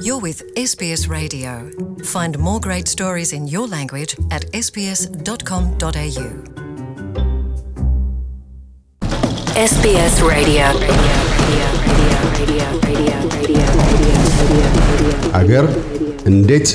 You're with SBS Radio. Find more great stories in your language at sbs.com.au. SBS Radio. Agar እንዴት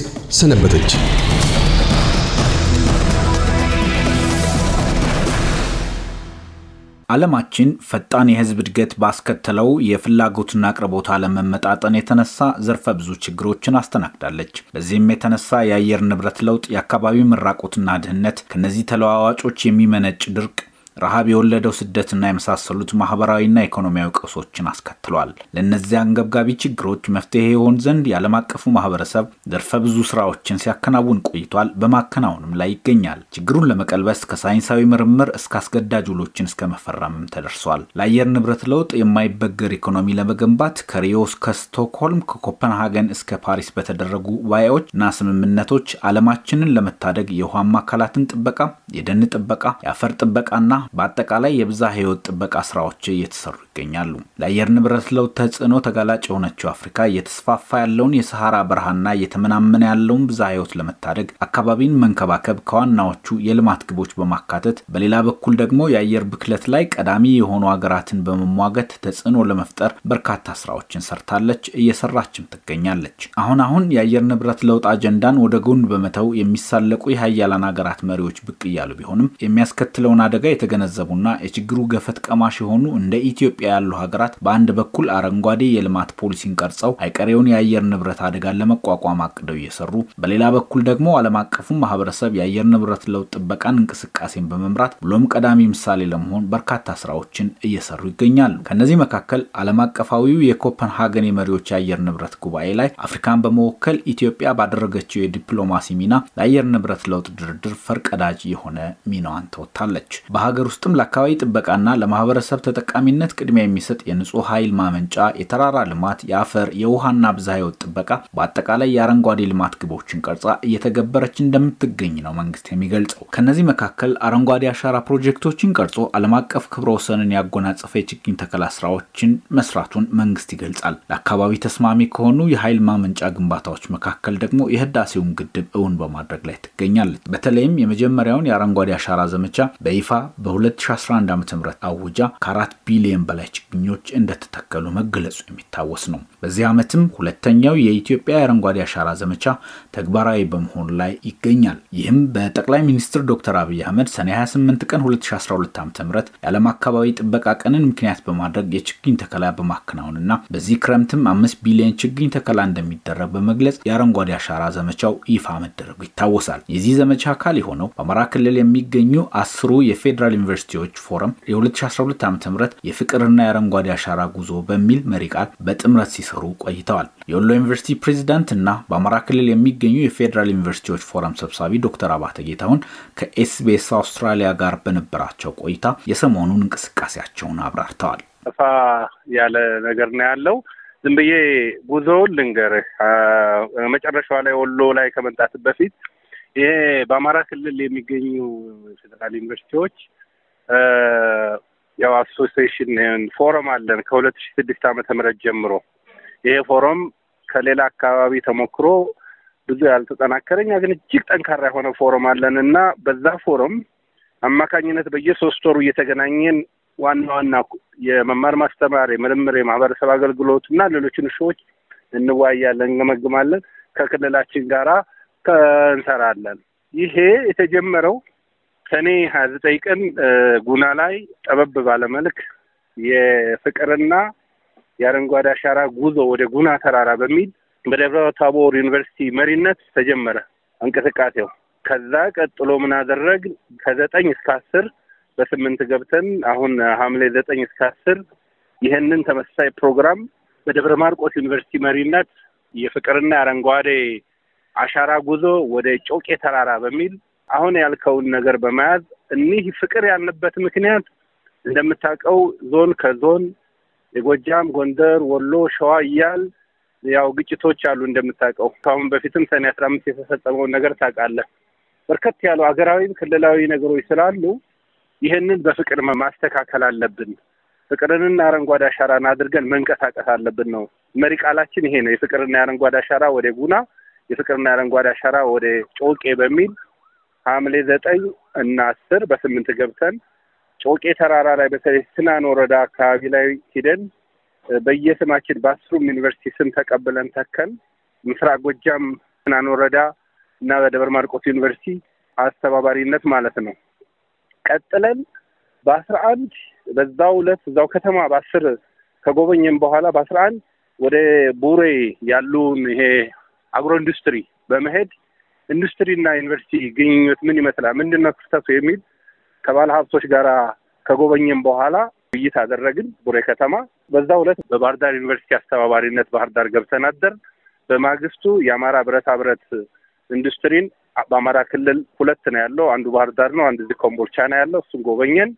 ዓለማችን ፈጣን የህዝብ እድገት ባስከተለው የፍላጎትና አቅርቦት አለመመጣጠን የተነሳ ዘርፈ ብዙ ችግሮችን አስተናግዳለች። በዚህም የተነሳ የአየር ንብረት ለውጥ፣ የአካባቢ መራቆትና ድህነት፣ ከነዚህ ተለዋዋጮች የሚመነጭ ድርቅ ረሃብ የወለደው ስደትና የመሳሰሉት ማህበራዊና ኢኮኖሚያዊ ቀውሶችን አስከትሏል። ለእነዚያ አንገብጋቢ ችግሮች መፍትሄ የሆን ዘንድ የዓለም አቀፉ ማህበረሰብ ዘርፈ ብዙ ስራዎችን ሲያከናውን ቆይቷል፣ በማከናወንም ላይ ይገኛል። ችግሩን ለመቀልበስ ከሳይንሳዊ ምርምር እስከ አስገዳጅ ውሎችን እስከ መፈረምም ተደርሷል። ለአየር ንብረት ለውጥ የማይበገር ኢኮኖሚ ለመገንባት ከሪዮ እስከ ስቶክሆልም ከኮፐንሃገን እስከ ፓሪስ በተደረጉ እና ስምምነቶች ዓለማችንን ለመታደግ የውሃማ አካላትን ጥበቃ፣ የደን ጥበቃ፣ የአፈር ጥበቃና በአጠቃላይ የብዝሃ ህይወት ጥበቃ ስራዎች እየተሰሩ ይገኛሉ። ለአየር ንብረት ለውጥ ተጽዕኖ ተጋላጭ የሆነችው አፍሪካ እየተስፋፋ ያለውን የሰሐራ በረሃና እየተመናመነ ያለውን ብዝሃ ሕይወት ለመታደግ አካባቢን መንከባከብ ከዋናዎቹ የልማት ግቦች በማካተት በሌላ በኩል ደግሞ የአየር ብክለት ላይ ቀዳሚ የሆኑ ሀገራትን በመሟገት ተጽዕኖ ለመፍጠር በርካታ ስራዎችን ሰርታለች፣ እየሰራችም ትገኛለች። አሁን አሁን የአየር ንብረት ለውጥ አጀንዳን ወደ ጎን በመተው የሚሳለቁ የሀያላን ሀገራት መሪዎች ብቅ እያሉ ቢሆንም የሚያስከትለውን አደጋ የተገነዘቡና የችግሩ ገፈት ቀማሽ የሆኑ እንደ ኢትዮጵያ ኢትዮጵያ ያሉ ሀገራት በአንድ በኩል አረንጓዴ የልማት ፖሊሲን ቀርጸው አይቀሬውን የአየር ንብረት አደጋን ለመቋቋም አቅደው እየሰሩ፣ በሌላ በኩል ደግሞ ዓለም አቀፉ ማህበረሰብ የአየር ንብረት ለውጥ ጥበቃን እንቅስቃሴን በመምራት ብሎም ቀዳሚ ምሳሌ ለመሆን በርካታ ስራዎችን እየሰሩ ይገኛሉ። ከእነዚህ መካከል ዓለም አቀፋዊው የኮፐንሃገን የመሪዎች የአየር ንብረት ጉባኤ ላይ አፍሪካን በመወከል ኢትዮጵያ ባደረገችው የዲፕሎማሲ ሚና ለአየር ንብረት ለውጥ ድርድር ፈርቀዳጅ የሆነ ሚናዋን ተወጥታለች። በሀገር ውስጥም ለአካባቢ ጥበቃና ለማህበረሰብ ተጠቃሚነት ቅድሚያ የሚሰጥ የንጹህ ኃይል ማመንጫ፣ የተራራ ልማት፣ የአፈር የውሃና ብዝሃ ሕይወት ጥበቃ፣ በአጠቃላይ የአረንጓዴ ልማት ግቦችን ቀርጻ እየተገበረች እንደምትገኝ ነው መንግስት የሚገልጸው። ከነዚህ መካከል አረንጓዴ አሻራ ፕሮጀክቶችን ቀርጾ ዓለም አቀፍ ክብረ ወሰንን ያጎናጸፈ የችግኝ ተከላ ስራዎችን መስራቱን መንግስት ይገልጻል። ለአካባቢ ተስማሚ ከሆኑ የኃይል ማመንጫ ግንባታዎች መካከል ደግሞ የህዳሴውን ግድብ እውን በማድረግ ላይ ትገኛለች። በተለይም የመጀመሪያውን የአረንጓዴ አሻራ ዘመቻ በይፋ በ2011 ዓ ም አውጃ ከአራት ቢሊዮን በላይ ችግኞች እንደተተከሉ መገለጹ የሚታወስ ነው። በዚህ ዓመትም ሁለተኛው የኢትዮጵያ የአረንጓዴ አሻራ ዘመቻ ተግባራዊ በመሆን ላይ ይገኛል። ይህም በጠቅላይ ሚኒስትር ዶክተር አብይ አህመድ ሰኔ 28 ቀን 2012 ዓ ም የዓለም አካባቢ ጥበቃ ቀንን ምክንያት በማድረግ የችግኝ ተከላ በማከናወንና በዚህ ክረምትም አምስት ቢሊዮን ችግኝ ተከላ እንደሚደረግ በመግለጽ የአረንጓዴ አሻራ ዘመቻው ይፋ መደረጉ ይታወሳል። የዚህ ዘመቻ አካል የሆነው በአማራ ክልል የሚገኙ አስሩ የፌዴራል ዩኒቨርሲቲዎች ፎረም የ2012 ዓ ም የፍቅር የአፈርና የአረንጓዴ አሻራ ጉዞ በሚል መሪ ቃል በጥምረት ሲሰሩ ቆይተዋል። የወሎ ዩኒቨርሲቲ ፕሬዚዳንት እና በአማራ ክልል የሚገኙ የፌዴራል ዩኒቨርሲቲዎች ፎረም ሰብሳቢ ዶክተር አባተ ጌታሁን ከኤስቢኤስ አውስትራሊያ ጋር በነበራቸው ቆይታ የሰሞኑን እንቅስቃሴያቸውን አብራርተዋል። ሰፋ ያለ ነገር ነው ያለው። ዝም ብዬ ጉዞውን ልንገርህ። መጨረሻዋ ላይ ወሎ ላይ ከመምጣት በፊት ይሄ በአማራ ክልል የሚገኙ ፌዴራል ዩኒቨርሲቲዎች ያው አሶሲሽን ፎረም አለን ከሁለት ሺ ስድስት ዓመተ ምህረት ጀምሮ ይሄ ፎረም ከሌላ አካባቢ ተሞክሮ ብዙ ያልተጠናከረኛ ግን እጅግ ጠንካራ የሆነ ፎረም አለን እና በዛ ፎረም አማካኝነት በየሶስት ወሩ እየተገናኘን ዋና ዋና የመማር ማስተማር፣ የምርምር፣ የማህበረሰብ አገልግሎት እና ሌሎችን እሾዎች እንወያያለን፣ እንገመግማለን፣ ከክልላችን ጋራ እንሰራለን። ይሄ የተጀመረው ሰኔ ሀያ ዘጠኝ ቀን ጉና ላይ ጠበብ ባለመልክ የፍቅርና የአረንጓዴ አሻራ ጉዞ ወደ ጉና ተራራ በሚል በደብረ ታቦር ዩኒቨርሲቲ መሪነት ተጀመረ እንቅስቃሴው። ከዛ ቀጥሎ ምን አደረግ ከዘጠኝ እስከ አስር በስምንት ገብተን አሁን ሐምሌ ዘጠኝ እስከ አስር ይህንን ተመሳሳይ ፕሮግራም በደብረ ማርቆስ ዩኒቨርሲቲ መሪነት የፍቅርና የአረንጓዴ አሻራ ጉዞ ወደ ጮቄ ተራራ በሚል አሁን ያልከውን ነገር በመያዝ እኒህ ፍቅር ያለበት ምክንያት እንደምታውቀው ዞን ከዞን የጎጃም፣ ጎንደር፣ ወሎ፣ ሸዋ እያል ያው ግጭቶች አሉ እንደምታውቀው። ከአሁን በፊትም ሰኔ አስራ አምስት የተፈጸመውን ነገር ታውቃለህ። በርከት ያሉ አገራዊም ክልላዊ ነገሮች ስላሉ ይህንን በፍቅር ማስተካከል አለብን። ፍቅርንና አረንጓዴ አሻራን አድርገን መንቀሳቀስ አለብን ነው መሪ ቃላችን ይሄ ነው። የፍቅርና የአረንጓዴ አሻራ ወደ ጉና፣ የፍቅርና የአረንጓዴ አሻራ ወደ ጮቄ በሚል ሐምሌ ዘጠኝ እና አስር በስምንት ገብተን ጮቄ ተራራ ላይ በተለይ ስናን ወረዳ አካባቢ ላይ ሂደን በየስማችን በአስሩም ዩኒቨርሲቲ ስም ተቀብለን ተከል ምስራቅ ጎጃም ስናን ወረዳ እና በደብረ ማርቆስ ዩኒቨርሲቲ አስተባባሪነት ማለት ነው። ቀጥለን በአስራ አንድ በዛው ዕለት እዛው ከተማ በአስር ከጎበኘን በኋላ በአስራ አንድ ወደ ቡሬ ያሉን ይሄ አግሮ ኢንዱስትሪ በመሄድ ኢንዱስትሪና ዩኒቨርሲቲ ግንኙነት ምን ይመስላል፣ ምንድነው ክፍተቱ የሚል ከባለ ሀብቶች ጋር ከጎበኘም በኋላ ውይይት አደረግን ቡሬ ከተማ። በዛ ሁለት በባህር ዳር ዩኒቨርሲቲ አስተባባሪነት ባህር ዳር ገብተን አደር። በማግስቱ የአማራ ብረታ ብረት ኢንዱስትሪን በአማራ ክልል ሁለት ነው ያለው፣ አንዱ ባህር ዳር ነው፣ አንድ እዚህ ኮምቦልቻ ነው ያለው። እሱን ጎበኘን።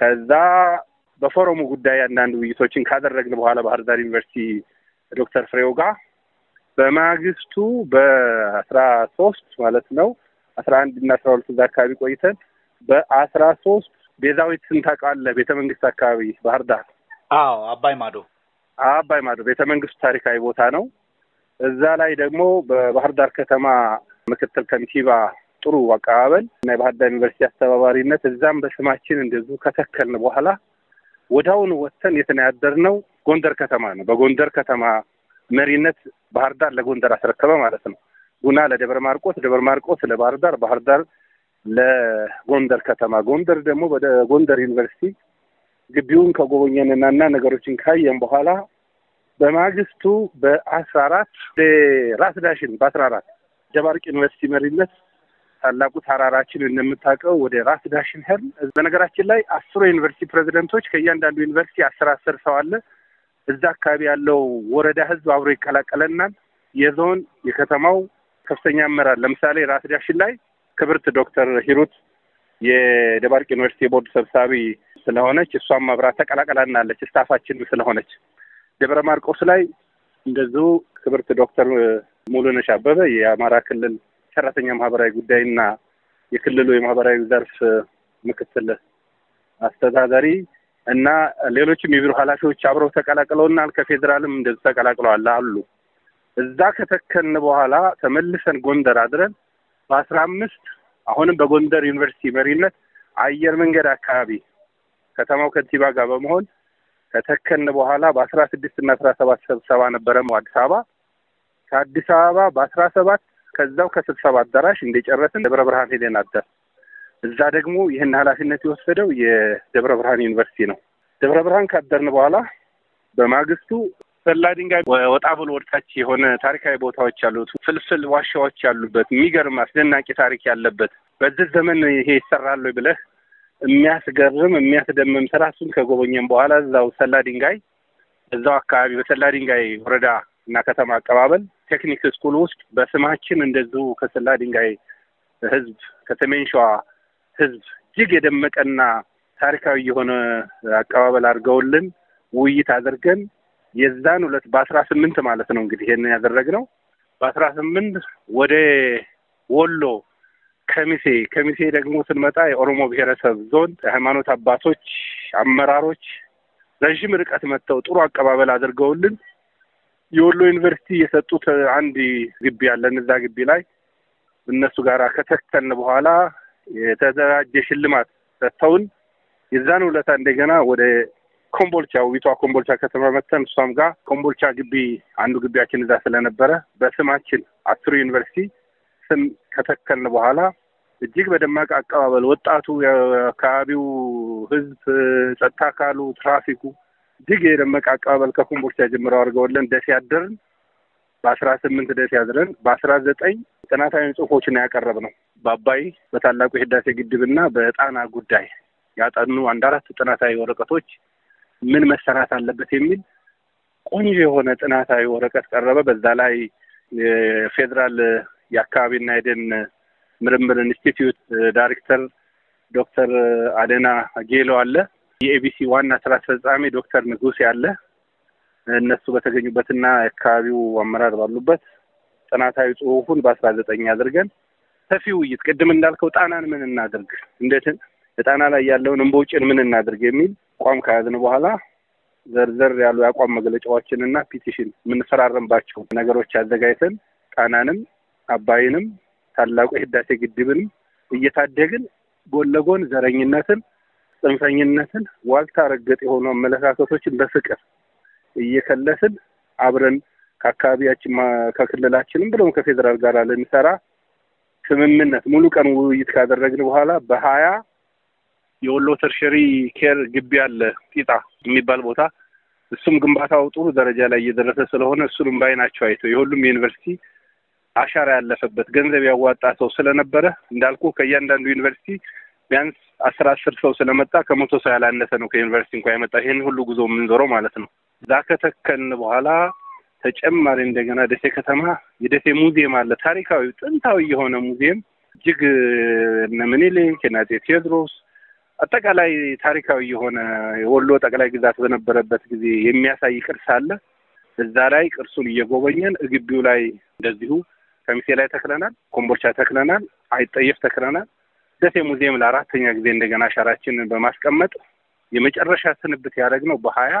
ከዛ በፎረሙ ጉዳይ አንዳንድ ውይይቶችን ካደረግን በኋላ ባህር ዳር ዩኒቨርሲቲ ዶክተር ፍሬው ጋር በማግስቱ በአስራ ሶስት ማለት ነው አስራ አንድ እና አስራ ሁለት እዛ አካባቢ ቆይተን በአስራ ሶስት ቤዛዊት ስንታውቃለህ ቤተ መንግስት አካባቢ ባህር ዳር አዎ አባይ ማዶ አባይ ማዶ ቤተ መንግስቱ ታሪካዊ ቦታ ነው። እዛ ላይ ደግሞ በባህር ዳር ከተማ ምክትል ከንቲባ ጥሩ አቀባበል እና የባህር ዳር ዩኒቨርሲቲ አስተባባሪነት እዛም በስማችን እንደዚሁ ከተከልን በኋላ ወዳውን ወጥተን የተነያደር ነው ጎንደር ከተማ ነው። በጎንደር ከተማ መሪነት ባህር ዳር ለጎንደር አስረከበ ማለት ነው። ቡና ለደብረ ማርቆስ፣ ደብረ ማርቆስ ለባህር ዳር፣ ባህር ዳር ለጎንደር ከተማ፣ ጎንደር ደግሞ ወደ ጎንደር ዩኒቨርሲቲ ግቢውን ከጎበኘንና እና ነገሮችን ካየን በኋላ በማግስቱ በአስራ አራት ራስ ዳሽን በአስራ አራት ደባርቅ ዩኒቨርሲቲ መሪነት ታላቁ ተራራችን እንደምታውቀው ወደ ራስ ዳሽን ሄድን። በነገራችን ላይ አስሩ ዩኒቨርሲቲ ፕሬዚደንቶች ከእያንዳንዱ ዩኒቨርሲቲ አስር አስር ሰው አለ። እዛ አካባቢ ያለው ወረዳ ህዝብ አብሮ ይቀላቀለናል። የዞን የከተማው ከፍተኛ አመራር ለምሳሌ ራስ ዳሽን ላይ ክብርት ዶክተር ሂሩት የደባርቅ ዩኒቨርሲቲ የቦርድ ሰብሳቢ ስለሆነች እሷም አብራ ተቀላቀላናለች ስታፋችን ስለሆነች። ደብረ ማርቆስ ላይ እንደዚሁ ክብርት ዶክተር ሙሉነሽ አበበ የአማራ ክልል ሰራተኛ ማህበራዊ ጉዳይና የክልሉ የማህበራዊ ዘርፍ ምክትል አስተዳዳሪ እና ሌሎችም የቢሮ ኃላፊዎች አብረው ተቀላቅለውናል። ከፌዴራልም እንደዚህ ተቀላቅለዋል አሉ። እዛ ከተከን በኋላ ተመልሰን ጎንደር አድረን በአስራ አምስት አሁንም በጎንደር ዩኒቨርሲቲ መሪነት አየር መንገድ አካባቢ ከተማው ከንቲባ ጋር በመሆን ከተከን በኋላ በአስራ ስድስት እና አስራ ሰባት ስብሰባ ነበረ አዲስ አበባ ከአዲስ አበባ በአስራ ሰባት ከዛው ከስብሰባ አዳራሽ እንደጨረስን ደብረ ብርሃን ሄደን አደር እዛ ደግሞ ይህን ኃላፊነት የወሰደው የደብረ ብርሃን ዩኒቨርሲቲ ነው። ደብረ ብርሃን ካደርን በኋላ በማግስቱ ሰላ ድንጋይ ወጣ ብሎ ወደታች የሆነ ታሪካዊ ቦታዎች ያሉት ፍልፍል ዋሻዎች ያሉበት የሚገርም አስደናቂ ታሪክ ያለበት በዚህ ዘመን ይሄ ይሰራሉ ብለህ የሚያስገርም የሚያስደምም ስራ እሱን ከጎበኘም በኋላ እዛው ሰላ ድንጋይ እዛው አካባቢ በሰላ ድንጋይ ወረዳ እና ከተማ አቀባበል ቴክኒክ ስኩል ውስጥ በስማችን እንደዚሁ ከሰላ ድንጋይ ህዝብ ከሰሜን ሸዋ ህዝብ እጅግ የደመቀና ታሪካዊ የሆነ አቀባበል አድርገውልን ውይይት አድርገን የዛን ሁለት በአስራ ስምንት ማለት ነው እንግዲህ ይሄንን ያደረግነው በአስራ ስምንት ወደ ወሎ ከሚሴ ከሚሴ ደግሞ ስንመጣ የኦሮሞ ብሔረሰብ ዞን የሃይማኖት አባቶች፣ አመራሮች ረዥም ርቀት መጥተው ጥሩ አቀባበል አድርገውልን የወሎ ዩኒቨርሲቲ የሰጡት አንድ ግቢ አለን እዛ ግቢ ላይ እነሱ ጋር ከተከተን በኋላ የተደራጀ ሽልማት ሰጥተውን የዛን ውለታ እንደገና ወደ ኮምቦልቻ ውቢቷ ኮምቦልቻ ከተማ መተን እሷም ጋር ኮምቦልቻ ግቢ አንዱ ግቢያችን እዛ ስለነበረ በስማችን አስሩ ዩኒቨርሲቲ ስም ከተከልን በኋላ እጅግ በደማቅ አቀባበል ወጣቱ፣ የአካባቢው ህዝብ ጸጥታ አካሉ፣ ትራፊኩ እጅግ የደመቀ አቀባበል ከኮምቦልቻ ጀምረው አድርገውልን ደስ ያደርን። በአስራ ስምንት ደስ ያዝረን በአስራ ዘጠኝ ጥናታዊ ጽሁፎችን ያቀረብ ነው። በአባይ በታላቁ የህዳሴ ና በጣና ጉዳይ ያጠኑ አንድ አራት ጥናታዊ ወረቀቶች ምን መሰራት አለበት የሚል ቆንጆ የሆነ ጥናታዊ ወረቀት ቀረበ። በዛ ላይ የፌዴራል የአካባቢና የደን ምርምር ኢንስቲትዩት ዳይሬክተር ዶክተር አደና ጌሎ አለ። የኤቢሲ ዋና ስራ አስፈጻሚ ዶክተር ንጉሴ አለ። እነሱ በተገኙበትና የአካባቢው አመራር ባሉበት ጥናታዊ ጽሁፉን በአስራ ዘጠኝ አድርገን ሰፊ ውይይት ቅድም እንዳልከው ጣናን ምን እናድርግ፣ እንዴት ጣና ላይ ያለውን እንቦጭን ምን እናድርግ የሚል አቋም ከያዝን በኋላ ዘርዘር ያሉ የአቋም መግለጫዎችንና ፒቲሽን የምንፈራረምባቸው ነገሮች አዘጋጅተን ጣናንም አባይንም ታላቁ የህዳሴ ግድብንም እየታደግን ጎን ለጎን ዘረኝነትን፣ ጽንፈኝነትን፣ ዋልታ ረገጥ የሆኑ አመለካከቶችን በፍቅር እየከለስን አብረን ከአካባቢያችን ከክልላችንም ብሎም ከፌዴራል ጋር ልንሰራ ስምምነት ሙሉ ቀን ውይይት ካደረግን በኋላ በሀያ የወሎ ተርሸሪ ኬር ግቢ አለ ጢጣ የሚባል ቦታ እሱም ግንባታው ጥሩ ደረጃ ላይ እየደረሰ ስለሆነ እሱንም ባይናቸው አይተው የሁሉም ዩኒቨርሲቲ አሻራ ያለፈበት ገንዘብ ያዋጣ ሰው ስለነበረ እንዳልኩ ከእያንዳንዱ ዩኒቨርሲቲ ቢያንስ አስራ አስር ሰው ስለመጣ ከመቶ ሰው ያላነሰ ነው ከዩኒቨርሲቲ እንኳ የመጣ ይህን ሁሉ ጉዞ የምንዞረው ማለት ነው። እዛ ከተከልን በኋላ ተጨማሪ እንደገና ደሴ ከተማ የደሴ ሙዚየም አለ። ታሪካዊ ጥንታዊ የሆነ ሙዚየም እጅግ እነ ምኒልክ እነ አፄ ቴዎድሮስ አጠቃላይ ታሪካዊ የሆነ የወሎ ጠቅላይ ግዛት በነበረበት ጊዜ የሚያሳይ ቅርስ አለ። እዛ ላይ ቅርሱን እየጎበኘን እግቢው ላይ እንደዚሁ ከሚሴ ላይ ተክለናል፣ ኮምቦልቻ ተክለናል፣ አይጠየፍ ተክለናል። ደሴ ሙዚየም ለአራተኛ ጊዜ እንደገና አሻራችንን በማስቀመጥ የመጨረሻ ስንብት ያደረግነው በሀያ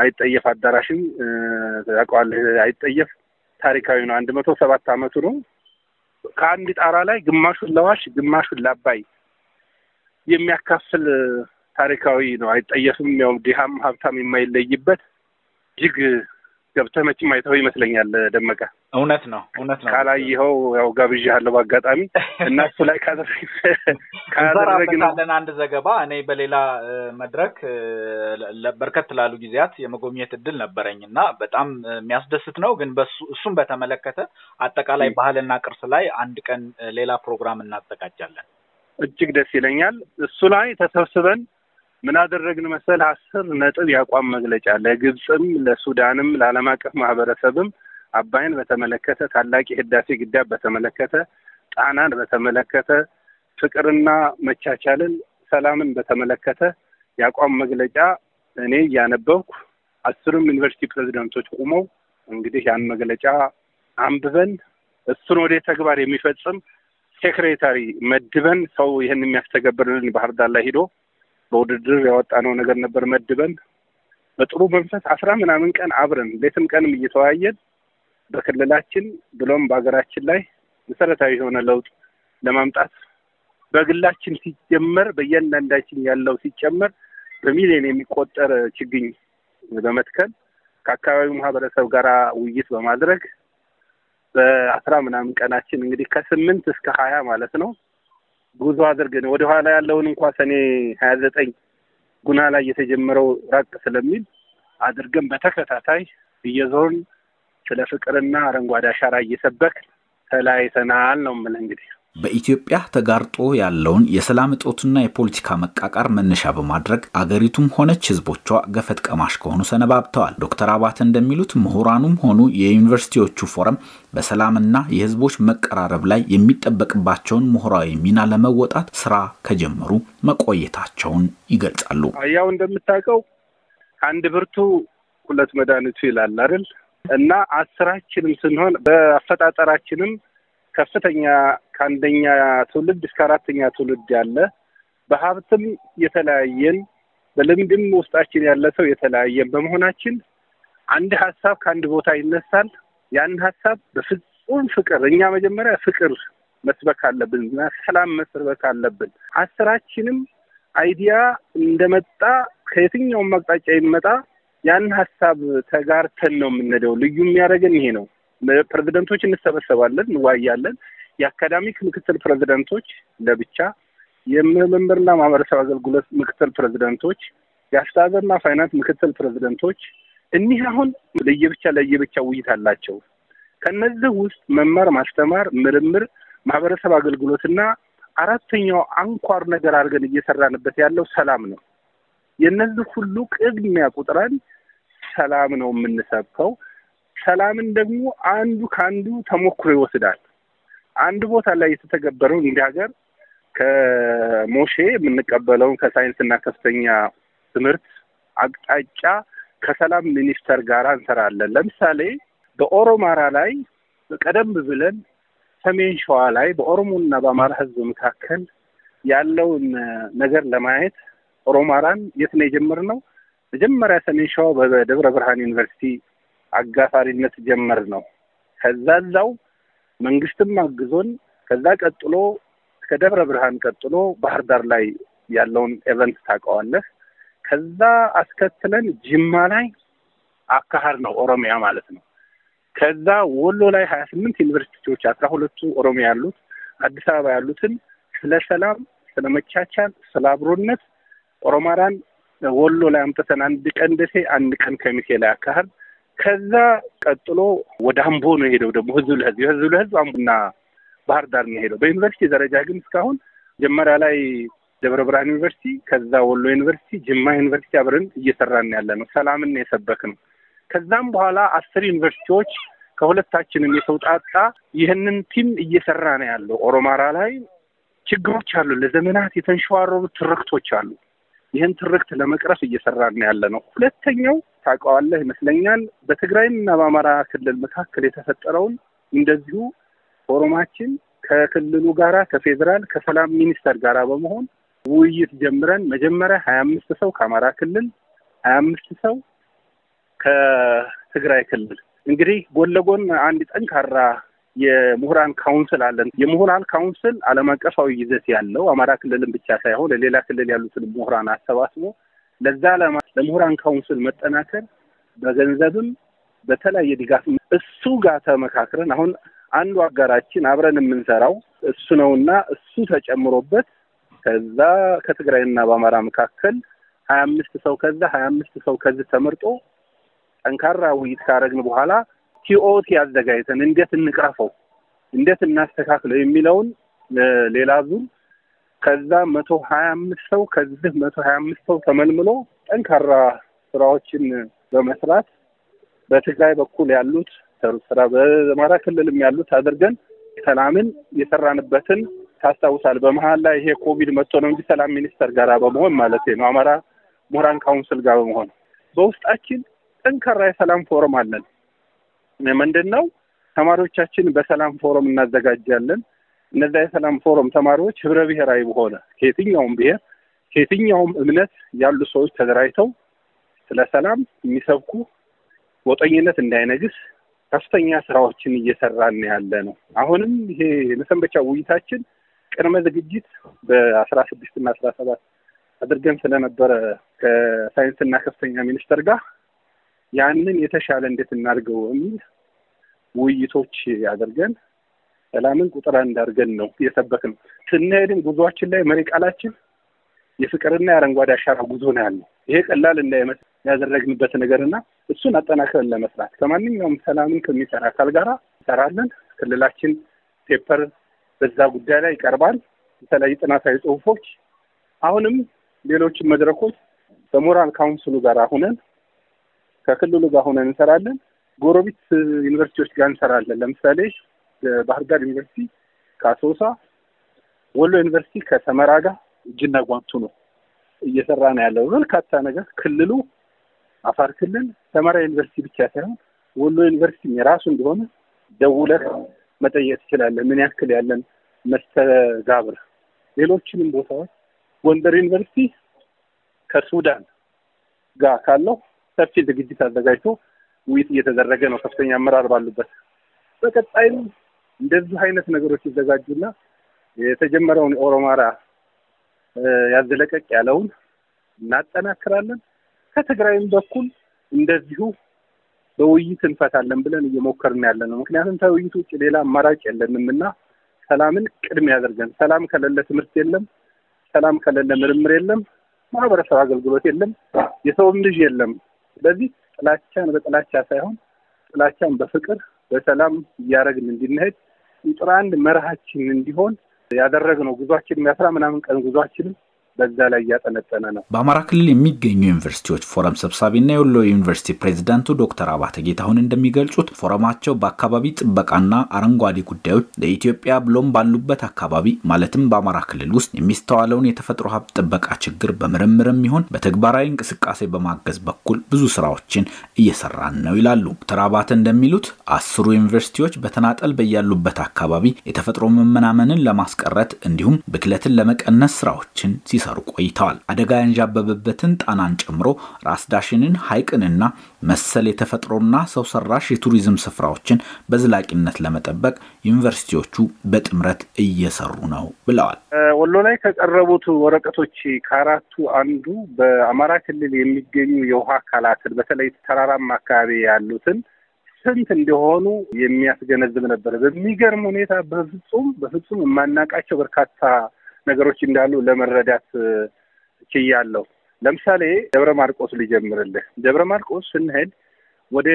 አይጠየፍ አዳራሽም ታውቀዋለህ። አይጠየፍ ታሪካዊ ነው። አንድ መቶ ሰባት አመቱ ነው። ከአንድ ጣራ ላይ ግማሹን ለዋሽ ግማሹን ለአባይ የሚያካፍል ታሪካዊ ነው። አይጠየፍም ያው ድሃም ሀብታም የማይለይበት እጅግ ገብተህ መቼም አይተኸው ይመስለኛል ደመቀ። እውነት ነው እውነት ነው። ካላየኸው ያው ጋብዣለሁ በአጋጣሚ እና እሱ ላይ ካደረግንለን አንድ ዘገባ እኔ በሌላ መድረክ በርከት ላሉ ጊዜያት የመጎብኘት እድል ነበረኝ እና በጣም የሚያስደስት ነው። ግን እሱም በተመለከተ አጠቃላይ ባህልና ቅርስ ላይ አንድ ቀን ሌላ ፕሮግራም እናዘጋጃለን። እጅግ ደስ ይለኛል። እሱ ላይ ተሰብስበን ምን አደረግን መሰል አስር ነጥብ የአቋም መግለጫ ለግብፅም ለሱዳንም ለዓለም አቀፍ ማህበረሰብም አባይን በተመለከተ ታላቅ የህዳሴ ግዳብ በተመለከተ ጣናን በተመለከተ ፍቅርና መቻቻልን ሰላምን በተመለከተ የአቋም መግለጫ እኔ እያነበብኩ አስሩም ዩኒቨርሲቲ ፕሬዚደንቶች ቁመው እንግዲህ ያን መግለጫ አንብበን እሱን ወደ ተግባር የሚፈጽም ሴክሬታሪ መድበን ሰው ይህን የሚያስተገብርልን ባህር ዳር ላይ ሂዶ በውድድር ያወጣነው ነገር ነበር መድበን በጥሩ መንፈስ አስራ ምናምን ቀን አብረን ሌትም ቀንም እየተወያየን በክልላችን ብሎም በሀገራችን ላይ መሰረታዊ የሆነ ለውጥ ለማምጣት በግላችን ሲጀመር በእያንዳንዳችን ያለው ሲጨመር በሚሊዮን የሚቆጠር ችግኝ በመትከል ከአካባቢው ማህበረሰብ ጋር ውይይት በማድረግ በአስራ ምናምን ቀናችን እንግዲህ ከስምንት እስከ ሀያ ማለት ነው ጉዞ አድርገን ወደ ኋላ ያለውን እንኳ ሰኔ ሀያ ዘጠኝ ጉና ላይ የተጀመረው ራቅ ስለሚል አድርገን በተከታታይ እየዞርን ስለ ፍቅርና አረንጓዴ አሻራ እየሰበክ ተለያይተናል ነው የምልህ እንግዲህ በኢትዮጵያ ተጋርጦ ያለውን የሰላም እጦትና የፖለቲካ መቃቃር መነሻ በማድረግ አገሪቱም ሆነች ሕዝቦቿ ገፈት ቀማሽ ከሆኑ ሰነባብተዋል። ዶክተር አባተ እንደሚሉት ምሁራኑም ሆኑ የዩኒቨርሲቲዎቹ ፎረም በሰላምና የሕዝቦች መቀራረብ ላይ የሚጠበቅባቸውን ምሁራዊ ሚና ለመወጣት ስራ ከጀመሩ መቆየታቸውን ይገልጻሉ። ያው እንደምታውቀው አንድ ብርቱ ሁለት መድኃኒቱ ይላል አይደል? እና አስራችንም ስንሆን በአፈጣጠራችንም ከፍተኛ ከአንደኛ ትውልድ እስከ አራተኛ ትውልድ ያለ በሀብትም የተለያየን በልምድም ውስጣችን ያለ ሰው የተለያየን በመሆናችን አንድ ሀሳብ ከአንድ ቦታ ይነሳል። ያን ሀሳብ በፍጹም ፍቅር እኛ መጀመሪያ ፍቅር መስበክ አለብን ሰላም መስበክ አለብን። አስራችንም አይዲያ እንደመጣ ከየትኛውም አቅጣጫ ይመጣ ያን ሀሳብ ተጋርተን ነው የምንሄደው። ልዩ የሚያደርገን ይሄ ነው። ፕሬዚደንቶች እንሰበሰባለን፣ እንዋያለን። የአካዳሚክ ምክትል ፕሬዚደንቶች ለብቻ፣ የምርምርና ማህበረሰብ አገልግሎት ምክትል ፕሬዚደንቶች፣ የአስተዳደርና ፋይናንስ ምክትል ፕሬዚደንቶች እኒህ አሁን ለየብቻ ለየብቻ ውይይት አላቸው። ከነዚህ ውስጥ መማር ማስተማር፣ ምርምር፣ ማህበረሰብ አገልግሎትና አራተኛው አንኳር ነገር አድርገን እየሰራንበት ያለው ሰላም ነው። የእነዚህ ሁሉ ቅድሚያ ቁጥረን ሰላም ነው የምንሰብከው። ሰላምን ደግሞ አንዱ ከአንዱ ተሞክሮ ይወስዳል። አንድ ቦታ ላይ የተተገበረውን እንደ ሀገር ከሞሼ የምንቀበለውን ከሳይንስና ከፍተኛ ትምህርት አቅጣጫ ከሰላም ሚኒስቴር ጋር እንሰራለን። ለምሳሌ በኦሮማራ ላይ ቀደም ብለን ሰሜን ሸዋ ላይ በኦሮሞና በአማራ ሕዝብ መካከል ያለውን ነገር ለማየት ኦሮማራን የት ነው የጀመርነው? መጀመሪያ ሰሜን ሸዋ በደብረ ብርሃን ዩኒቨርሲቲ አጋፋሪነት ጀመር ነው። ከዛ እዛው መንግስትም አግዞን ከዛ ቀጥሎ ከደብረ ብርሃን ቀጥሎ ባህር ዳር ላይ ያለውን ኤቨንት ታውቀዋለህ። ከዛ አስከትለን ጅማ ላይ አካሃር ነው ኦሮሚያ ማለት ነው። ከዛ ወሎ ላይ ሀያ ስምንት ዩኒቨርሲቲዎች አስራ ሁለቱ ኦሮሚያ ያሉት አዲስ አበባ ያሉትን ስለ ሰላም፣ ስለ መቻቻል፣ ስለ አብሮነት ኦሮማራን ወሎ ላይ አምጥተን አንድ ቀን ደሴ አንድ ቀን ከሚሴ ላይ አካሄድ ከዛ ቀጥሎ ወደ አምቦ ነው የሄደው ደግሞ ህዝብ ለህዝብ የህዝብ ለህዝብ አምቦና ባህር ዳር ነው የሄደው። በዩኒቨርሲቲ ደረጃ ግን እስካሁን መጀመሪያ ላይ ደብረ ብርሃን ዩኒቨርሲቲ፣ ከዛ ወሎ ዩኒቨርሲቲ፣ ጅማ ዩኒቨርሲቲ አብረን እየሰራን ያለ ነው። ሰላምን የሰበክ ነው። ከዛም በኋላ አስር ዩኒቨርሲቲዎች ከሁለታችንም የተውጣጣ ይህንን ቲም እየሰራ ነው ያለው። ኦሮማራ ላይ ችግሮች አሉ። ለዘመናት የተንሸዋረሩ ትርክቶች አሉ። ይህን ትርክት ለመቅረፍ እየሰራ ነው ያለ ነው። ሁለተኛው ታውቀዋለህ ይመስለኛል። በትግራይና በአማራ ክልል መካከል የተፈጠረውን እንደዚሁ ፎረማችን ከክልሉ ጋራ ከፌዴራል ከሰላም ሚኒስቴር ጋራ በመሆን ውይይት ጀምረን መጀመሪያ ሀያ አምስት ሰው ከአማራ ክልል ሀያ አምስት ሰው ከትግራይ ክልል እንግዲህ ጎን ለጎን አንድ ጠንካራ የምሁራን ካውንስል አለን። የምሁራን ካውንስል ዓለም አቀፋዊ ይዘት ያለው አማራ ክልልን ብቻ ሳይሆን ሌላ ክልል ያሉትን ምሁራን አሰባስቦ ለዛ ዓላማ ለምሁራን ካውንስል መጠናከር በገንዘብም በተለያየ ድጋፍ እሱ ጋር ተመካክረን አሁን አንዱ አጋራችን አብረን የምንሰራው እሱ ነውና እሱ ተጨምሮበት ከዛ ከትግራይና በአማራ መካከል ሀያ አምስት ሰው ከዛ ሀያ አምስት ሰው ከዚህ ተመርጦ ጠንካራ ውይይት ካረግን በኋላ ቲኦቲ አዘጋጅተን እንዴት እንቅረፈው፣ እንዴት እናስተካክለው የሚለውን ሌላ ዙር ከዛ መቶ ሀያ አምስት ሰው ከዚህ መቶ ሀያ አምስት ሰው ተመልምሎ ጠንካራ ስራዎችን በመስራት በትግራይ በኩል ያሉት ስራ በአማራ ክልልም ያሉት አድርገን ሰላምን የሰራንበትን ታስታውሳል። በመሀል ላይ ይሄ ኮቪድ መጥቶ ነው እንጂ ሰላም ሚኒስቴር ጋር በመሆን ማለት ነው አማራ ምሁራን ካውንስል ጋር በመሆን በውስጣችን ጠንካራ የሰላም ፎረም አለን። ምንድን ነው ተማሪዎቻችን በሰላም ፎረም እናዘጋጃለን። እነዛ የሰላም ፎረም ተማሪዎች ህብረ ብሔራዊ በሆነ ከየትኛውም ብሔር ከየትኛውም እምነት ያሉ ሰዎች ተደራጅተው ስለ ሰላም የሚሰብኩ ወጠኝነት እንዳይነግስ ከፍተኛ ስራዎችን እየሰራን ያለ ነው። አሁንም ይሄ መሰንበቻ ውይይታችን ቅድመ ዝግጅት በአስራ ስድስት እና አስራ ሰባት አድርገን ስለነበረ ከሳይንስና ከፍተኛ ሚኒስቴር ጋር ያንን የተሻለ እንዴት እናድርገው የሚል ውይይቶች አድርገን ሰላምን ቁጥር አንድ አድርገን ነው እየሰበክ ነው። ስናሄድም ላይ መሪ ቃላችን የፍቅርና የአረንጓዴ አሻራ ጉዞ ነው ያለው። ይሄ ቀላል እንዳይመስል ያደረግንበት ነገር እሱን አጠናክረን ለመስራት ከማንኛውም ሰላምን ከሚሰራ አካል ጋራ እንሰራለን። ክልላችን ፔፐር በዛ ጉዳይ ላይ ይቀርባል። የተለያዩ ጥናታዊ ጽሁፎች አሁንም ሌሎችን መድረኮች በሞራል ካውንስሉ ጋር ሁነን ከክልሉ ጋር ሁነን እንሰራለን። ጎረቤት ዩኒቨርሲቲዎች ጋር እንሰራለን። ለምሳሌ ባህር ዳር ዩኒቨርሲቲ ከአሶሳ፣ ወሎ ዩኒቨርሲቲ ከሰመራ ጋር እጅና ጓንቱ ነው እየሰራ ነው ያለው። በርካታ ነገር ክልሉ አፋር ክልል ሰመራ ዩኒቨርሲቲ ብቻ ሳይሆን ወሎ ዩኒቨርሲቲ የራሱ እንደሆነ ደውለህ መጠየቅ ትችላለህ። ምን ያክል ያለን መስተጋብር ሌሎችንም ቦታዎች ጎንደር ዩኒቨርሲቲ ከሱዳን ጋር ካለው ሰፊ ዝግጅት አዘጋጅቶ ውይይት እየተደረገ ነው፣ ከፍተኛ አመራር ባሉበት። በቀጣይም እንደዚህ አይነት ነገሮች ይዘጋጁና የተጀመረውን የኦሮማራ ያዘለቀቅ ያለውን እናጠናክራለን። ከትግራይም በኩል እንደዚሁ በውይይት እንፈታለን ብለን እየሞከርን ያለ ነው። ምክንያቱም ከውይይት ውጭ ሌላ አማራጭ የለንም እና ሰላምን ቅድሚያ አድርገን ሰላም ከሌለ ትምህርት የለም፣ ሰላም ከሌለ ምርምር የለም፣ ማህበረሰብ አገልግሎት የለም፣ የሰውም ልጅ የለም። ስለዚህ ጥላቻን በጥላቻ ሳይሆን ጥላቻን በፍቅር በሰላም እያደረግን እንድንሄድ ቁጥር አንድ መርሃችን እንዲሆን ያደረግነው ጉዟችን የአስራ ምናምን ቀን ጉዟችንም በዛ ላይ እያጠነጠነ ነው። በአማራ ክልል የሚገኙ ዩኒቨርሲቲዎች ፎረም ሰብሳቢና የወሎ ዩኒቨርሲቲ ፕሬዚዳንቱ ዶክተር አባተ ጌታሁን እንደሚገልጹት ፎረማቸው በአካባቢ ጥበቃና አረንጓዴ ጉዳዮች ለኢትዮጵያ ብሎም ባሉበት አካባቢ ማለትም በአማራ ክልል ውስጥ የሚስተዋለውን የተፈጥሮ ሀብት ጥበቃ ችግር በምርምርም ይሆን በተግባራዊ እንቅስቃሴ በማገዝ በኩል ብዙ ስራዎችን እየሰራን ነው ይላሉ። ዶክተር አባተ እንደሚሉት አስሩ ዩኒቨርሲቲዎች በተናጠል በያሉበት አካባቢ የተፈጥሮ መመናመንን ለማስቀረት እንዲሁም ብክለትን ለመቀነስ ስራዎችን ሲሰሩ ሲሰሩ ቆይተዋል። አደጋ ያንዣበበበትን ጣናን ጨምሮ ራስ ዳሽንን፣ ሐይቅንና መሰል የተፈጥሮና ሰው ሰራሽ የቱሪዝም ስፍራዎችን በዘላቂነት ለመጠበቅ ዩኒቨርሲቲዎቹ በጥምረት እየሰሩ ነው ብለዋል። ወሎ ላይ ከቀረቡት ወረቀቶች ከአራቱ አንዱ በአማራ ክልል የሚገኙ የውሃ አካላትን በተለይ ተራራማ አካባቢ ያሉትን ስንት እንደሆኑ የሚያስገነዝብ ነበር። በሚገርም ሁኔታ በፍጹም በፍጹም የማናውቃቸው በርካታ ነገሮች እንዳሉ ለመረዳት ችያለሁ። ለምሳሌ ደብረ ማርቆስ ሊጀምርልህ። ደብረ ማርቆስ ስንሄድ ወደ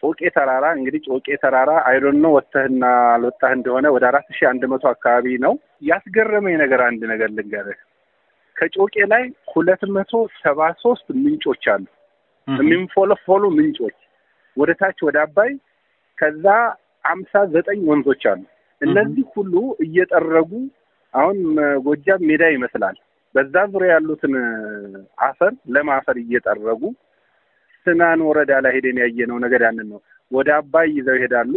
ጮቄ ተራራ እንግዲህ ጮቄ ተራራ አይዶን ነው ወጥተህና አልወጣህ እንደሆነ ወደ አራት ሺህ አንድ መቶ አካባቢ ነው። ያስገረመኝ ነገር አንድ ነገር ልንገርህ። ከጮቄ ላይ ሁለት መቶ ሰባ ሶስት ምንጮች አሉ፣ የሚንፎለፎሉ ምንጮች ወደ ታች ወደ አባይ፣ ከዛ አምሳ ዘጠኝ ወንዞች አሉ። እነዚህ ሁሉ እየጠረጉ አሁን ጎጃም ሜዳ ይመስላል። በዛ ዙሪያ ያሉትን አፈር ለማፈር አፈር እየጠረጉ ስናን ወረዳ ላይ ሄደን ያየነው ነገር ያንን ነው። ወደ አባይ ይዘው ይሄዳሉ።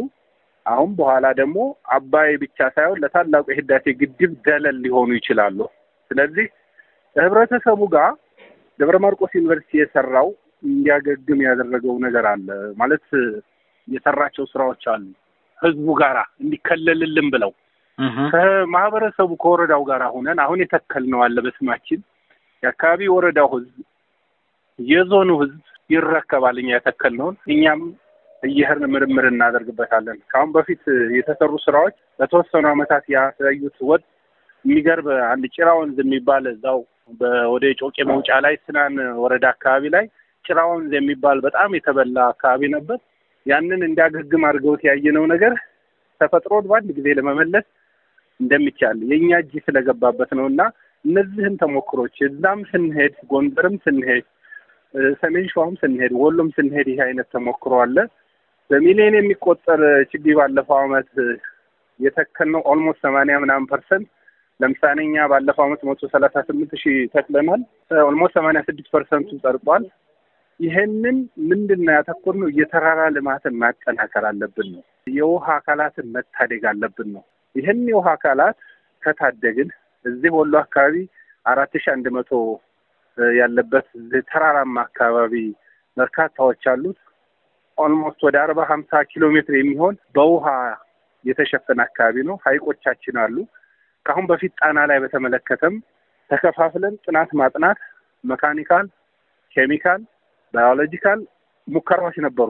አሁን በኋላ ደግሞ አባይ ብቻ ሳይሆን ለታላቁ የህዳሴ ግድብ ደለል ሊሆኑ ይችላሉ። ስለዚህ ህብረተሰቡ ጋር ደብረ ማርቆስ ዩኒቨርሲቲ የሰራው እንዲያገግም ያደረገው ነገር አለ ማለት የሰራቸው ስራዎች አሉ ህዝቡ ጋራ እንዲከለልልን ብለው ከማህበረሰቡ ከወረዳው ጋር ሁነን አሁን የተከልነው አለ በስማችን የአካባቢ ወረዳው ህዝብ የዞኑ ህዝብ ይረከባል እኛ የተከልነውን እኛም እየህርን ምርምር እናደርግበታለን። ከአሁን በፊት የተሰሩ ስራዎች በተወሰኑ አመታት ያሳዩት ወጥ የሚገርብ አንድ ጭራ ወንዝ የሚባል እዛው ወደ ጮቄ መውጫ ላይ ስናን ወረዳ አካባቢ ላይ ጭራ ወንዝ የሚባል በጣም የተበላ አካባቢ ነበር። ያንን እንዲያገግም አድርገውት ያየነው ነገር ተፈጥሮን በአንድ ጊዜ ለመመለስ እንደሚቻል የእኛ እጅ ስለገባበት ነው እና እነዚህን ተሞክሮች እዛም ስንሄድ፣ ጎንደርም ስንሄድ፣ ሰሜን ሸዋም ስንሄድ፣ ወሎም ስንሄድ ይህ አይነት ተሞክሮ አለ። በሚሊዮን የሚቆጠር ችግኝ ባለፈው አመት የተከልነው ኦልሞስት ሰማንያ ምናምን ፐርሰንት ለምሳሌ እኛ ባለፈው አመት መቶ ሰላሳ ስምንት ሺህ ተክለናል። ኦልሞስት ሰማንያ ስድስት ፐርሰንቱ ጸድቋል። ይሄንን ምንድን ነው ያተኮርነው? የተራራ ልማትን ማጠናከር አለብን ነው። የውሃ አካላትን መታደግ አለብን ነው። ይህን የውሃ አካላት ከታደግን እዚህ ወሎ አካባቢ አራት ሺ አንድ መቶ ያለበት ተራራማ አካባቢ በርካታዎች አሉት። ኦልሞስት ወደ አርባ ሀምሳ ኪሎ ሜትር የሚሆን በውሃ የተሸፈነ አካባቢ ነው። ሀይቆቻችን አሉ። ከአሁን በፊት ጣና ላይ በተመለከተም ተከፋፍለን ጥናት ማጥናት መካኒካል፣ ኬሚካል፣ ባዮሎጂካል ሙከራዎች ነበሩ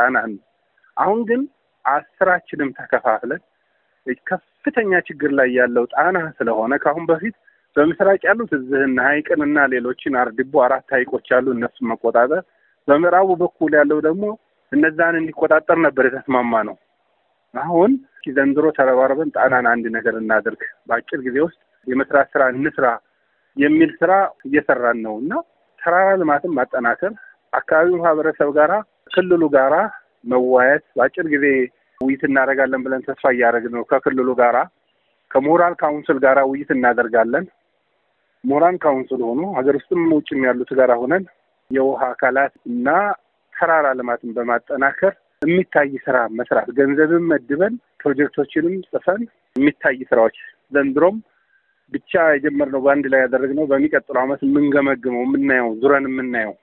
ጣናን። አሁን ግን አስራችንም ተከፋፍለን ከፍተኛ ችግር ላይ ያለው ጣና ስለሆነ ከአሁን በፊት በምስራቅ ያሉት እዝህን ሀይቅን እና ሌሎችን አርዲቦ አራት ሀይቆች አሉ እነሱን መቆጣጠር በምዕራቡ በኩል ያለው ደግሞ እነዛን እንዲቆጣጠር ነበር የተስማማ ነው። አሁን ዘንድሮ ተረባረበን ጣናን አንድ ነገር እናድርግ፣ በአጭር ጊዜ ውስጥ የመስራት ስራ እንስራ የሚል ስራ እየሰራን ነው እና ተራራ ልማትን ማጠናከር አካባቢው ማህበረሰብ ጋራ ክልሉ ጋራ መዋየት በአጭር ጊዜ ውይይት እናደርጋለን ብለን ተስፋ እያደረግን ነው። ከክልሉ ጋራ ከሞራል ካውንስል ጋራ ውይይት እናደርጋለን። ሞራል ካውንስል ሆኑ ሀገር ውስጥም ውጭም ያሉት ጋር ሆነን የውሃ አካላት እና ተራራ ልማትን በማጠናከር የሚታይ ስራ መስራት ገንዘብን መድበን ፕሮጀክቶችንም ጽፈን የሚታይ ስራዎች ዘንድሮም ብቻ የጀመርነው በአንድ ላይ ያደረግነው በሚቀጥለው ዓመት የምንገመግመው የምናየው ዙረን የምናየው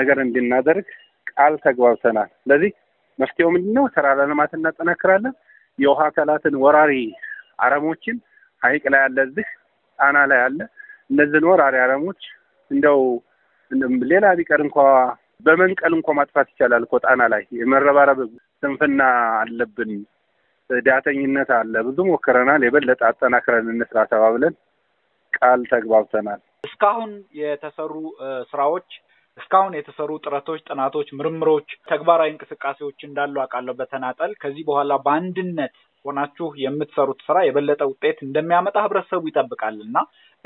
ነገር እንድናደርግ ቃል ተግባብተናል። ስለዚህ መፍትሄው ምንድን ነው? ተራራ ልማት እናጠናክራለን። የውሃ አካላትን ወራሪ አረሞችን ሀይቅ ላይ ያለ እዚህ ጣና ላይ ያለ እነዚህን ወራሪ አረሞች እንደው ሌላ ቢቀር እንኳ በመንቀል እንኳ ማጥፋት ይቻላል እኮ ጣና ላይ የመረባረብ ስንፍና አለብን፣ ዳተኝነት አለ። ብዙ ሞክረናል። የበለጠ አጠናክረን እንስራ ተባብለን ቃል ተግባብተናል። እስካሁን የተሰሩ ስራዎች እስካሁን የተሰሩ ጥረቶች፣ ጥናቶች፣ ምርምሮች፣ ተግባራዊ እንቅስቃሴዎች እንዳሉ አውቃለሁ በተናጠል ከዚህ በኋላ በአንድነት ሆናችሁ የምትሰሩት ስራ የበለጠ ውጤት እንደሚያመጣ ህብረተሰቡ ይጠብቃል እና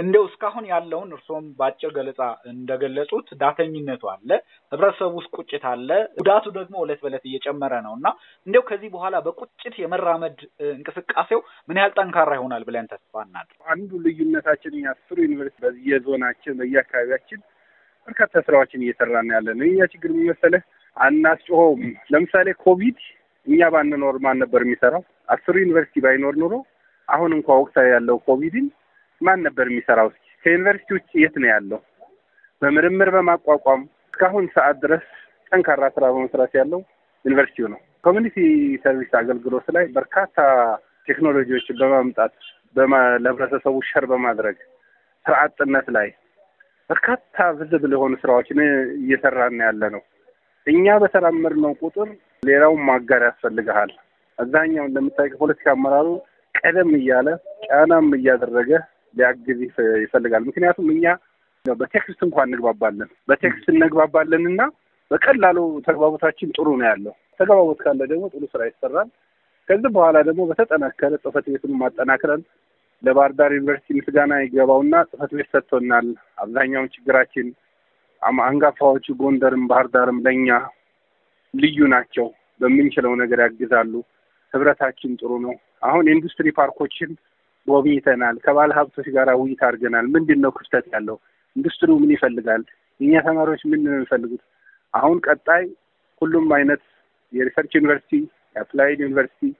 እንደው እስካሁን ያለውን እርስዎም በአጭር ገለጻ እንደገለጹት ዳተኝነቱ አለ፣ ህብረተሰቡ ውስጥ ቁጭት አለ፣ ጉዳቱ ደግሞ እለት በለት እየጨመረ ነው እና እንደው ከዚህ በኋላ በቁጭት የመራመድ እንቅስቃሴው ምን ያህል ጠንካራ ይሆናል ብለን ተስፋ እናድርግ። አንዱ ልዩነታችን ያስሩ ዩኒቨርሲቲ በየዞናችን በየአካባቢያችን በርካታ ስራዎችን እየሰራ ነው ያለን። እኛ ችግር የሚመሰለህ አናስጮኸውም። ለምሳሌ ኮቪድ እኛ ባንኖር ማን ነበር የሚሰራው? አስሩ ዩኒቨርሲቲ ባይኖር ኑሮ አሁን እንኳ ወቅታዊ ያለው ኮቪድን ማን ነበር የሚሰራው? እስኪ ከዩኒቨርሲቲ ውጭ የት ነው ያለው? በምርምር በማቋቋም እስካሁን ሰዓት ድረስ ጠንካራ ስራ በመስራት ያለው ዩኒቨርሲቲው ነው። ኮሚኒቲ ሰርቪስ አገልግሎት ላይ በርካታ ቴክኖሎጂዎችን በማምጣት ለህብረተሰቡ ሸር በማድረግ ስርዓት ላይ በርካታ ቪዝብል የሆኑ ስራዎችን እየሰራን ያለ ነው። እኛ በተራመድነው ቁጥር ሌላውን ማጋር ያስፈልግሃል። አብዛኛው እንደምታይ ከፖለቲካ አመራሩ ቀደም እያለ ጫናም እያደረገ ሊያግዝ ይፈልጋል። ምክንያቱም እኛ በቴክስት እንኳን እንግባባለን በቴክስት እንግባባለን እና በቀላሉ ተግባቦታችን ጥሩ ነው ያለው። ተግባቦት ካለ ደግሞ ጥሩ ስራ ይሰራል። ከዚህ በኋላ ደግሞ በተጠናከረ ጽህፈት ቤትን ማጠናክረን ለባህር ዳር ዩኒቨርሲቲ ምስጋና ይገባውና ጽህፈት ቤት ሰጥቶናል። አብዛኛውን ችግራችን አንጋፋዎቹ ጎንደርም ባህር ዳርም ለእኛ ልዩ ናቸው። በምንችለው ነገር ያግዛሉ። ህብረታችን ጥሩ ነው። አሁን ኢንዱስትሪ ፓርኮችን ጎብኝተናል። ከባለ ሀብቶች ጋር ውይይት አድርገናል። ምንድን ነው ክፍተት ያለው? ኢንዱስትሪው ምን ይፈልጋል? የእኛ ተማሪዎች ምን ነው የሚፈልጉት? አሁን ቀጣይ ሁሉም አይነት የሪሰርች ዩኒቨርሲቲ፣ የአፕላይድ ዩኒቨርሲቲ፣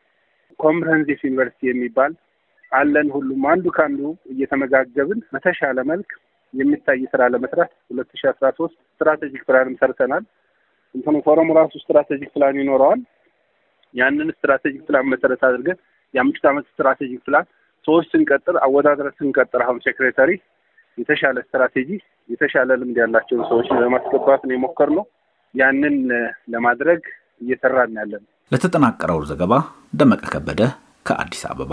ኮምፕረሄንሲቭ ዩኒቨርሲቲ የሚባል አለን። ሁሉም አንዱ ከአንዱ እየተመጋገብን በተሻለ መልክ የሚታይ ስራ ለመስራት ሁለት ሺ አስራ ሶስት ስትራቴጂክ ፕላንም ሰርተናል። እንትኑ ፎረሙ ራሱ ስትራቴጂክ ፕላን ይኖረዋል። ያንን ስትራቴጂክ ፕላን መሰረት አድርገን የአምስት ዓመት ስትራቴጂክ ፕላን ሰዎች ስንቀጥር አወዳድረ ስንቀጥር አሁን ሴክሬታሪ የተሻለ ስትራቴጂ የተሻለ ልምድ ያላቸውን ሰዎች ለማስገባት ነው የሞከርነው። ያንን ለማድረግ እየሰራን ያለን። ለተጠናቀረው ዘገባ ደመቀ ከበደ ከአዲስ አበባ